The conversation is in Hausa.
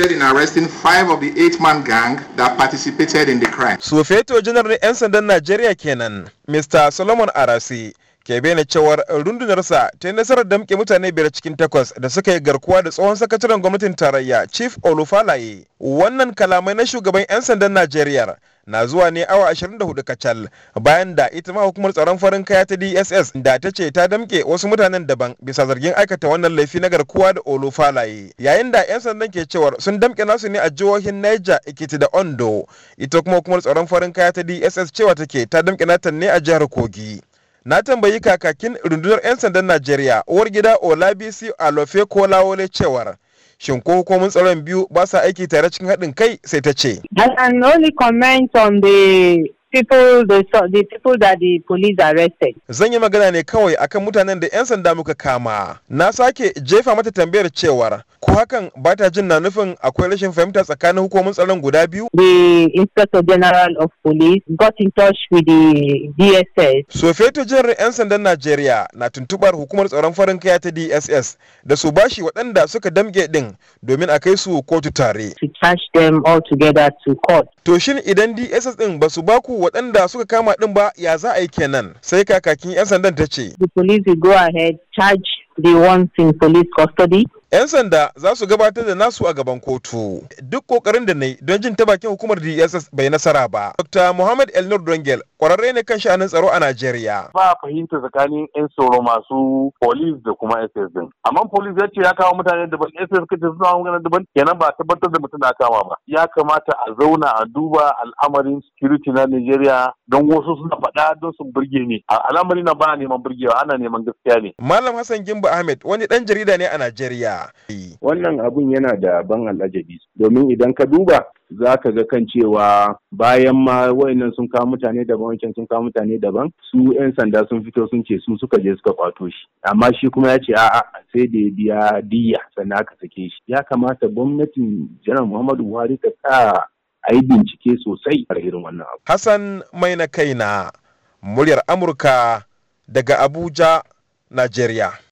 assisted in arresting five of the eight-man gang that participated in the crime. Sufeto janar na 'yan sandan Najeriya kenan, Mr. Solomon Arasi. ke bayyana cewar rundunarsa ta yi nasarar damke mutane biyar cikin takwas da suka yi garkuwa da tsohon sakataren gwamnatin tarayya chief olufalaye wannan kalamai na shugaban 'yan sandan najeriya na zuwa ne awa 24 kacal bayan da ita ma hukumar tsaron farin kaya ta DSS da ta ce ta damke wasu mutanen daban bisa zargin aikata wannan laifi na garkuwa da olufalaye yayin da 'yan sandan ke cewar sun damke nasu ne a jihohin Niger, ikiti da Ondo ita kuma hukumar tsaron farin kaya ta DSS cewa take ta damke natan ne a jihar Kogi na tambayi kakakin rundunar 'yan sandan Najeriya uwar gida Olabisi Alofe Kolawole cewar Shin ko hukumomin tsaron biyu ba sa aiki tare cikin haɗin kai sai ta ce. I can only comment on the Zan yi magana ne kawai akan mutanen da 'yan sanda muka kama. Na sake jefa mata tambayar cewar ko hakan ba ta jin na nufin akwai rashin fahimta tsakanin hukumomin tsaron guda biyu? The Inspector General of Police got in touch with the DSS. Sofeto Janar 'yan sandan Najeriya na tuntubar hukumar tsaron farin kaya ta DSS da su bashi waɗanda suka damge ɗin, domin a kai su kotu tare. To charge shin idan DSS ɗin ba su baku waɗanda suka kama ɗin ba ya za a yi kenan sai kakakin 'yan sandan ta ce. The police will go ahead charge the ones in police custody 'yan sanda za su gabatar da nasu a gaban kotu duk kokarin da na yi don jin ta bakin hukumar dss bai nasara ba dr muhammad elnur dongel kwararre ne kan sha'anin tsaro a najeriya ba fahimta tsakanin 'yan tsaro masu polis da kuma ss din amma polis ya ce ya kawo mutane daban ss kace suna magana daban kenan ba tabbatar da mutum na kama ba ya kamata a zauna a duba al'amarin security na najeriya don wasu suna faɗa don su burge ni. a al'amari na ba neman burgewa ana neman gaskiya ne malam hassan gimba ahmed wani dan jarida ne a najeriya wannan abun yana da ban al'ajabi domin idan ka duba za ka ga kan cewa bayan ma wayannan sun kawo mutane daban wancan sun kawo mutane daban su 'yan sanda sun fito sun ce su suka je suka kwato shi amma shi kuma ya ce a'a sai da ya biya diya sannan aka sake shi ya kamata gwamnatin janar muhammadu buhari ta sa a yi bincike sosai a irin wannan abu. Hassan mai na kaina muryar Amurka daga Abuja, Najeriya.